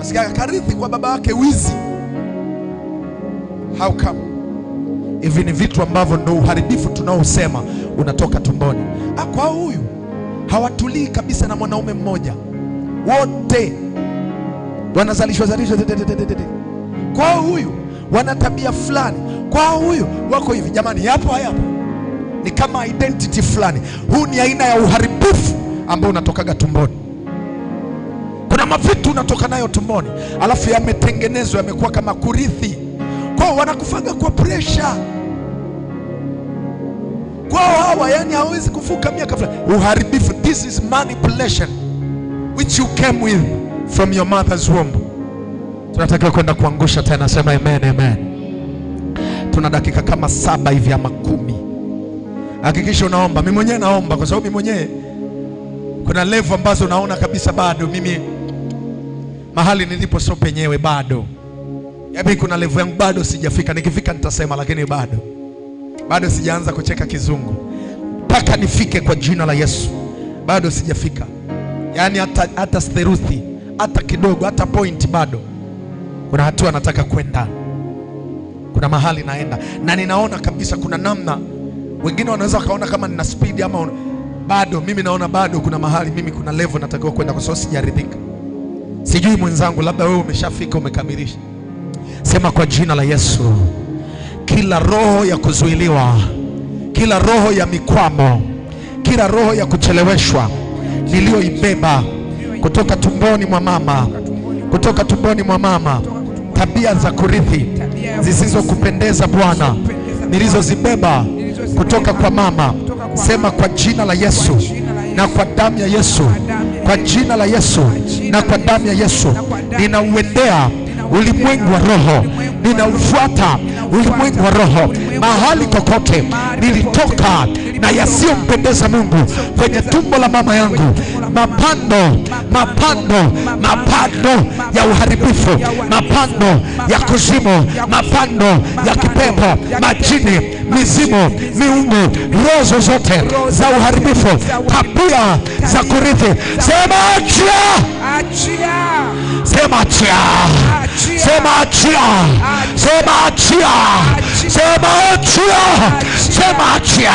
basi akarithi kwa baba wake wizi. How come? Hivi ni vitu ambavyo ndo uharibifu tunaosema unatoka tumboni. Ah, kwa huyu hawatulii kabisa na mwanaume mmoja, wote wanazalishwa zalishwa. Kwa huyu wana tabia fulani, kwa huyu wako hivi. Jamani, yapo hayapo? Ni kama identity fulani. Huu ni aina ya uharibifu ambao unatokaga tumboni vitu unatoka nayo tumboni, alafu yametengenezwa yamekuwa kama kurithi kwao, wanakufanga kwa presha kwao hawa, yani hawezi kuvuka miaka fulani, uharibifu. This is manipulation which you came with from your mother's womb. Tunatakiwa kwenda kuangusha tena, sema amen, amen. Tuna dakika kama saba hivi ama kumi. Hakikisha unaomba. Mimi mwenyewe naomba kwa sababu mimi mwenyewe kuna level ambazo naona kabisa bado mimi mahali nilipo sio penyewe bado. Yaani kuna levu yangu bado sijafika, nikifika nitasema, lakini bado bado sijaanza kucheka kizungu mpaka nifike kwa jina la Yesu, bado sijafika. Yaani hata, hata theluthi hata kidogo hata point bado, kuna hatua nataka kwenda, kuna mahali naenda, na ninaona kabisa kuna namna. Wengine wanaweza wakaona kama nina speed ama bado, mimi naona bado kuna mahali, mimi kuna level natakiwa kwenda, kwa sababu sijaridhika. Sijui mwenzangu, labda wewe umeshafika umekamilisha. Sema kwa jina la Yesu, kila roho ya kuzuiliwa, kila roho ya mikwamo, kila roho ya kucheleweshwa niliyoibeba kutoka tumboni mwa mama, kutoka tumboni mwa mama, tabia za kurithi zisizokupendeza Bwana, nilizozibeba kutoka kwa mama, sema kwa jina la Yesu na kwa damu ya Yesu, kwa jina la Yesu na kwa damu ya Yesu ninauendea ulimwengu wa roho, ninaufuata ulimwengu wa roho mahali kokote nilitoka na yasiyompendeza Mungu kwenye tumbo la mama yangu, mapando mapando mapando ya uharibifu, mapando ya kuzimu, mapando ya kipepo, majini, mizimu, miungu, roho zozote za uharibifu, tabia za kurithi, sema achia, sema achia Sema achia, sema achia, sema achia, sema achia.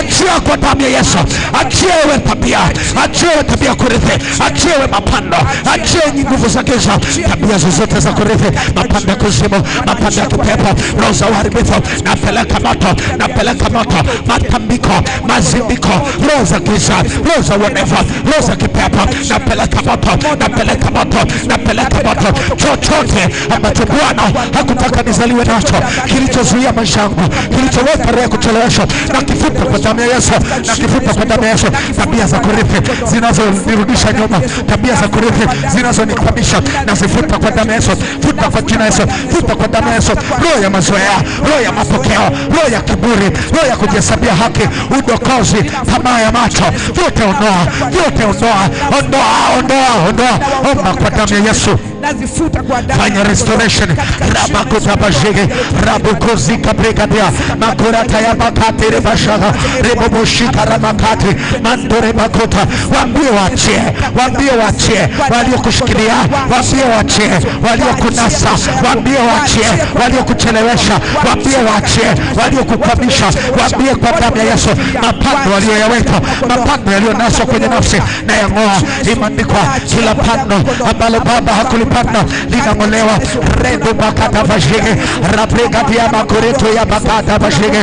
Achia kwa damu ya Yesu, achia wewe tabia, achia wewe tabia kurithi, achia wewe mapando, achia nguvu za giza, tabia zozote za kurithi, mapando ya kuzimu, mapando ya kipepo, roho za uharibifu, napeleka moto, napeleka moto, matambiko, mazimbiko, roho za giza, roho za uonevu, roho za kipepo, napeleka moto, napeleka moto, napeleka moto, chochote ambacho Bwana hakutaka nizaliwe nacho, kilichozuia maisha yangu, kilichoweka roho ya kuchelewesha na kifuta damu ya Yesu, na kifupa kwa damu ya Yesu. Tabia za kurithi zinazonirudisha nyuma, tabia za kurithi zinazonikwamisha, nazifuta kwa damu ya Yesu. Futa kwa jina Yesu, futa kwa damu ya Yesu. Roho ya mazoea, roho ya mapokeo, roho ya kiburi, roho ya kujihesabia haki, udokozi, tamaa ya macho, vyote ondoa, vyote ondoa, ondoa, ondoa, ondoa, omba kwa damu ya Yesu nazifuta kwa damu. Fanya restoration. Rabakuta bashige rabukozika brekadia makorata ya bakati rebashaga reboboshika rabakati mandore bakota. Waambie wachie, wambie wachie waliokushikilia, waambie wachie waliokunasa, waambie wachie waliokuchelewesha, waambie wachie waliokukwamisha, wambie kwa damu ya Yesu mapando waliyoyaweka, mapando yaliyonaswa kwenye nafsi na yang'oa. Imeandikwa kila pando ambalo Baba hakulipa panda linamolewa rengo bakata bashige raplekatia makoreto ya bakata bashige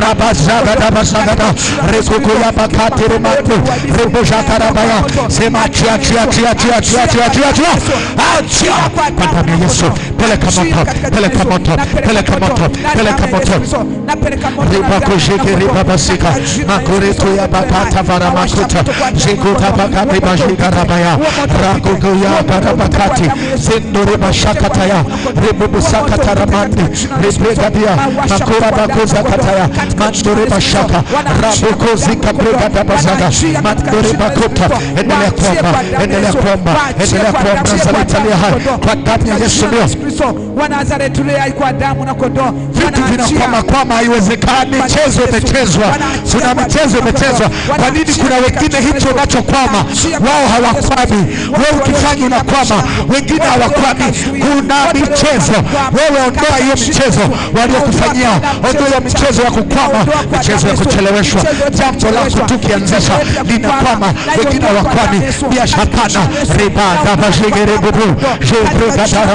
rabazagada basagada rekukuya bakati rematu reboshakarabaya sema chia chia chia chia chia chia chia chia achia ah, kwa damu ya Yesu peleka moto peleka moto peleka moto peleka moto riba kushike riba basika makoreto ya bakata vara makuta zikuta bakati bashika rabaya rakukuya bakati sindore mashakataya rebubu sakata ramande rebregadia makora bakoza kataya mandore mashaka raboko zikabregadia dabazada mandore bakota endelea kuomba endelea kuomba endelea kuomba zalitalia hai kwa damu ya Yesu ndio Wanazareti leo kwa damu na kondoo vitu vinakwama kwama, haiwezekani. Mchezo umechezwa, kuna mchezo umechezwa. Kwa nini kuna wengine hicho unachokwama wao hawakwami? Wewe ukifanya unakwama, wengine wengine hawakwami. Kuna michezo, wewe ondoa hiyo michezo waliokufanyia, ondoa hiyo michezo ya kukwama, michezo ya kucheleweshwa. Jambo lako tukianzisha linakwama, wengine hawakwami. biashatana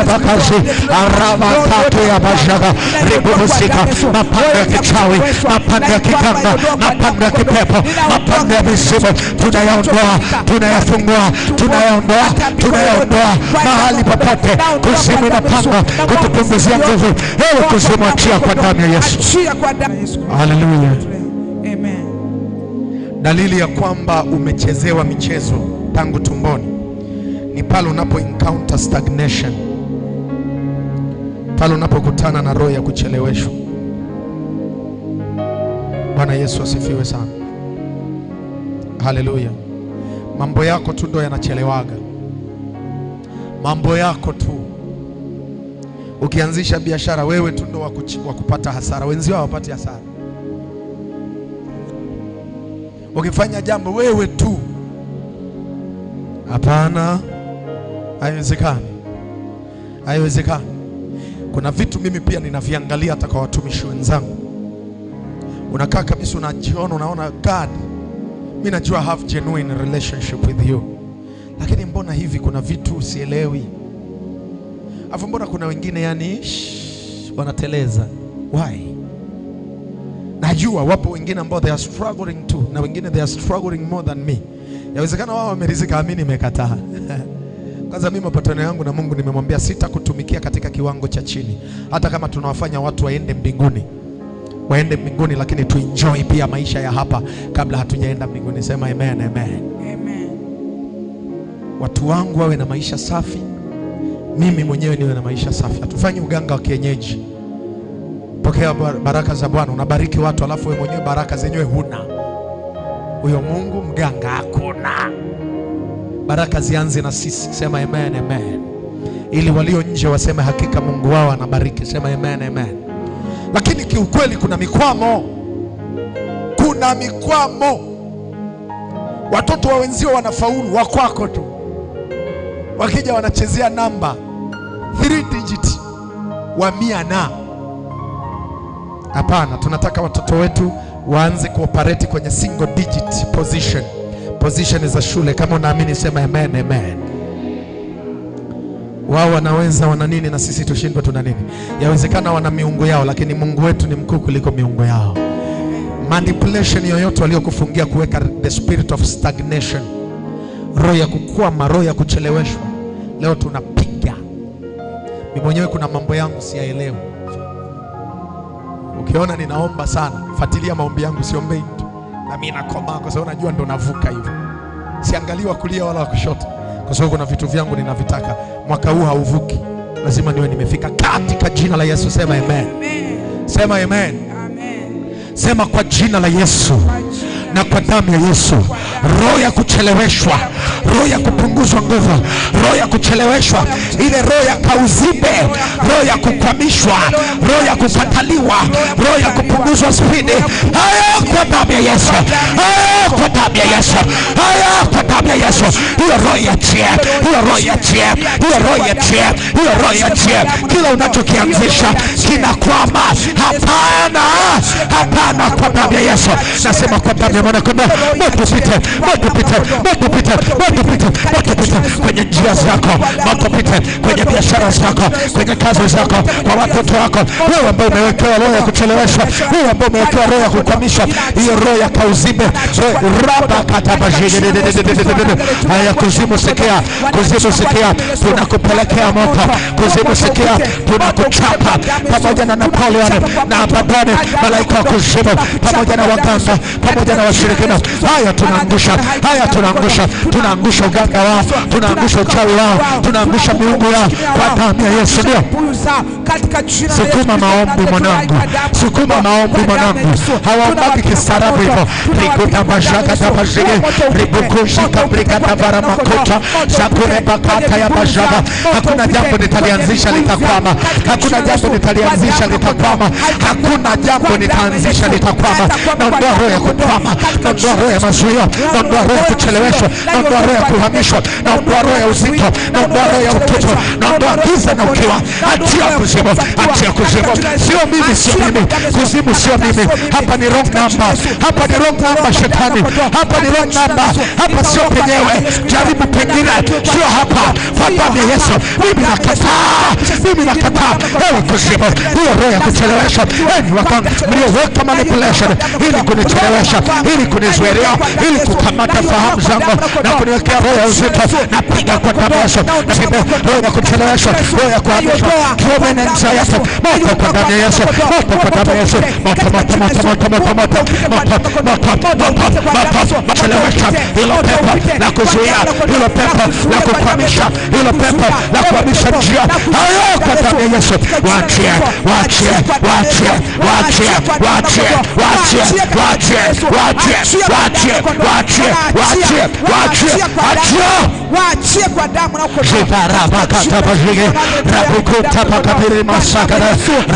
bakashi arama tatu ya bashaga ribubusika mapanga ya kichawi, mapanga ya kiganga, mapanga ya kipepo, mapanga ya mizimu tunayaondoa, tunayafungua, tunayaondoa, tunayaondoa mahali mahali popote, kuzimu kutupunguzia nguvu. Ewe kuzimu, achia kwa damu ya Yesu. Haleluya! Dalili ya kwamba umechezewa michezo tangu tumboni ni pale unapo encounter stagnation, pale unapokutana na roho ya kucheleweshwa. Bwana Yesu asifiwe sana. Haleluya! Mambo yako tu ndo yanachelewaga mambo yako tu. Ukianzisha biashara wewe tu ndo wa kupata hasara, wenzio hawapati hasara. Ukifanya jambo wewe tu, hapana, haiwezekani, haiwezekani. Kuna vitu mimi pia ninaviangalia hata kwa watumishi wenzangu. Unakaa kabisa unajiona, unaona God, mimi najua have genuine relationship with you lakini mbona hivi kuna vitu sielewi, alafu mbona kuna wengine yani shh, wanateleza why? Najua wapo wengine ambao they are struggling too, na wengine they are struggling more than me. Yawezekana wao wamerizika, mimi nimekataa. Kwanza mimi mapatano yangu na Mungu nimemwambia sitakutumikia katika kiwango cha chini, hata kama tunawafanya watu waende mbinguni waende mbinguni, lakini tuenjoy pia maisha ya hapa kabla hatujaenda mbinguni. Sema amen, amen watu wangu wawe na maisha safi, mimi mwenyewe niwe na maisha safi. Hatufanye uganga wa kienyeji. Pokea baraka za Bwana, unabariki watu alafu wewe mwenyewe baraka zenyewe huna. Huyo Mungu mganga hakuna. Baraka zianze na sisi. Sema amen, amen, ili walio nje waseme hakika Mungu wao anabariki. Sema amen, amen. Lakini kiukweli kuna mikwamo, kuna mikwamo. Watoto wa wenzio wanafaulu, kwako tu wakija wanachezea namba 3 digit wa mia na hapana. Tunataka watoto wetu waanze kuoperate kwenye single digit position position za shule. Kama unaamini sema amen, amen. Wao wanaweza wana nini na sisi tushindwe? Tuna nini? Yawezekana wana miungu yao, lakini Mungu wetu ni mkuu kuliko miungu yao. Manipulation yoyote waliokufungia kuweka the spirit of stagnation roho ya kukwama, roho ya kucheleweshwa, leo tunapiga. Mimi mwenyewe kuna mambo yangu siyaelewi. Ukiona ninaomba sana, fuatilia maombi yangu, siombei tu na mimi nakomaa, kwa sababu najua ndo navuka hivyo. Siangalii kulia wala wa kushoto, kwa sababu kuna vitu vyangu ninavitaka. Mwaka huu hauvuki, lazima niwe nimefika, katika jina la Yesu. Sema amen, sema amen, sema kwa jina la Yesu na kwa damu ya Yesu, roho ya kucheleweshwa roho ya kupunguzwa nguvu, roho ya kucheleweshwa, ile roho ya kauzibe, roho ya kukwamishwa, roho ya kukataliwa, roho ya kupunguzwa spidi, hayo kwa damu ya Yesu, hayo kwa damu ya Yesu, haya kwa damu ya Yesu. Hiyo roho iachie, hiyo roho iachie, hiyo roho iachie, hiyo roho iachie. Kila unachokianzisha kinakwama. Hapana, hapana, kwa damu ya Yesu. Nasema kwa damu ya mwana kondoo, moto pite, moto pite, moto pite, moto pite, moto pite kwenye njia zako, moto pite kwenye biashara zako, kwenye kazi zako, kwa watoto wako, wewe ambao umewekewa roho ya kucheleweshwa, wewe ambao umewekewa roho ya kukwamishwa, hiyo roho ya kauzime, Haya, kuzimu sikia, kuzimu sikia, tunakupelekea moto. Kuzimu sikia, tunakuchapa pamoja na Napoleon na babani, malaika wa kuzimu, pamoja na waganga, pamoja na washirikina. Haya, tunaangusha, haya, tunaangusha, tunaangusha uganga wao, tunaangusha uchawi wao, tunaangusha miungu yao kwa damu ya Yesu. Ndio sukuma maombi mwanangu, sukuma maombi mwanangu, hawaombaki kisarabu hivyo bajagada bajege ribukushika brigada bara makota zakure bakata ya bajaba. Hakuna jambo nitalianzisha litakwama, hakuna jambo nitalianzisha litakwama, hakuna jambo nitaanzisha litakwama. Naondoa roho ya kukwama, naondoa roho ya mazuio, naondoa roho ya kucheleweshwa, naondoa roho ya kuhamishwa, naondoa roho ya uzito, naondoa roho ya utoto, naondoa giza na ukiwa. Achia kuzimu, achia kuzimu, sio mimi, sio mimi, kuzimu sio mimi. Hapa ni wrong number, hapa ni wrong number, shetani kumi. Hapa ni wrong number, hapa sio penyewe, jaribu pengine, sio hapa. Kwa damu ya Yesu mimi nakataa mimi nakataa, ewe kuzimu, hiyo roho ya kuchelewesha, enyi wakanga mlioweka manipulation ili kunichelewesha, ili kunizuilia, ili kukamata fahamu zangu na kuniwekea roho ya uzito, napiga kwa damu Yesu, roho ya kuchelewesha, roho ya kuhamishwa kiume na nje ya moto kwa damu ya Yesu, moto kwa damu ya Yesu, moto moto moto moto moto moto moto moto moto moto, chelewesha hilo pepo la kuzuia, hilo pepo la kukwamisha, hilo pepo la kuhamisha njia hayo kwa damu ya Yesu, waachie, waachie, waachie, waachie, waachie, waachie, waachie, waachie, waachie, waachie, waachie, waachie, waachie waachie kwa damu na kubarabakatabajige rabukutabakabiri masakara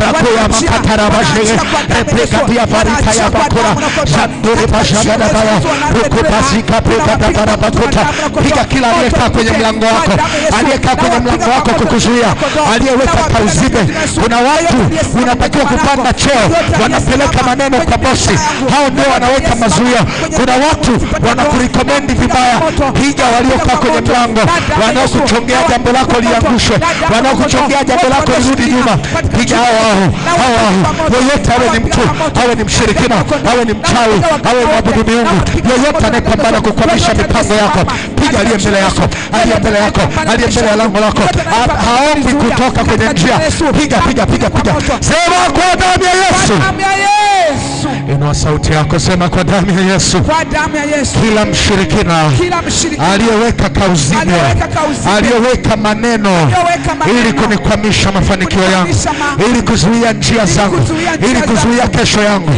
rabuya makatarabajige replikapia barita ya bakura zanduri bashadadabaya rukubazika brikadabarabakuta piga kila aliyekaa kwenye mlango wako aliyekaa kwenye mlango wako kukuzuia aliye aliyeweka pauzibe. Kuna watu unapatiwa kupanda cheo, wanapeleka maneno kwa bosi, hao ndio wanaweka mazuia. Kuna watu wanakurekomendi vibaya, piga waliokaa kwenye mlango, wanaokuchongea jambo lako liangushwe, wanaokuchongea jambo lako lirudi nyuma, piga hao hao hao hao. Yoyote awe ni mtu, awe ni mshirikina, awe ni mchawi, awe mwabudu miungu, yeyote anayepambana kukwamisha mipango yako, piga aliye mbele yako, aliye mbele yako, aliye mbele ya lango lako, haombi kutoka kutoka kwenye njia. Piga piga piga piga, sema kwa damu ya Yesu. Inua sauti yako, sema kwa damu ya Yesu, kila mshirikina aliyeweka kauzimu, aliyeweka maneno ili kunikwamisha mafanikio yangu, ili kuzuia njia zangu, ili kuzuia kesho yangu,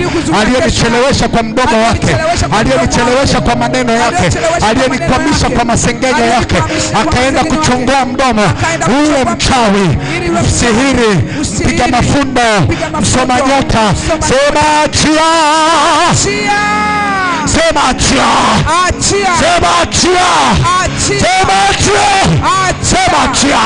aliyenichelewesha kwa mdomo wake, aliyenichelewesha kwa maneno yake, aliyenikwamisha kwa masengenyo yake, akaenda kuchungua mdomo, huyo mchawi, msihiri, mpiga mafundo, msoma nyota, sema chia ¡Gracias! Sema achia. Achia. Sema achia. Achia. Sema achia. Sema achia.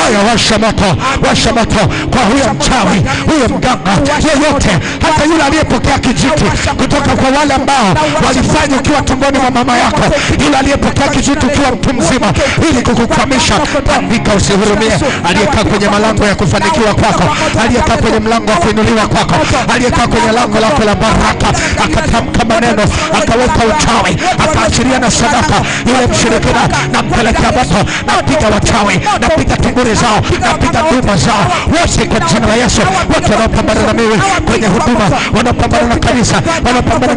Haya, washa moto, washa moto kwa huyo mchawi, huyo mganga yeyote, hata yule aliyepokea kijiti kutoka kwa wale ambao walifanya ukiwa tumboni mwa mama yako, yule aliyepokea kijiti ukiwa mtu mzima ili kukukwamisha, tambika, usihurumie. Aliyekaa kwenye malango ya kufanikiwa kwako, aliyekaa kwenye mlango wa kuinuliwa kwako, aliyekaa kwenye lango lako la baraka, akatamka maneno ataweka uchawi, ataashiria na sadaka ile mshirikina, nampelekea moto, napiga wachawi, napiga kiburi zao, napiga duma zao wote kwa jina la Yesu. Wote wanaopambana na mimi kwenye huduma, wanaopambana na kanisa, wanaopambana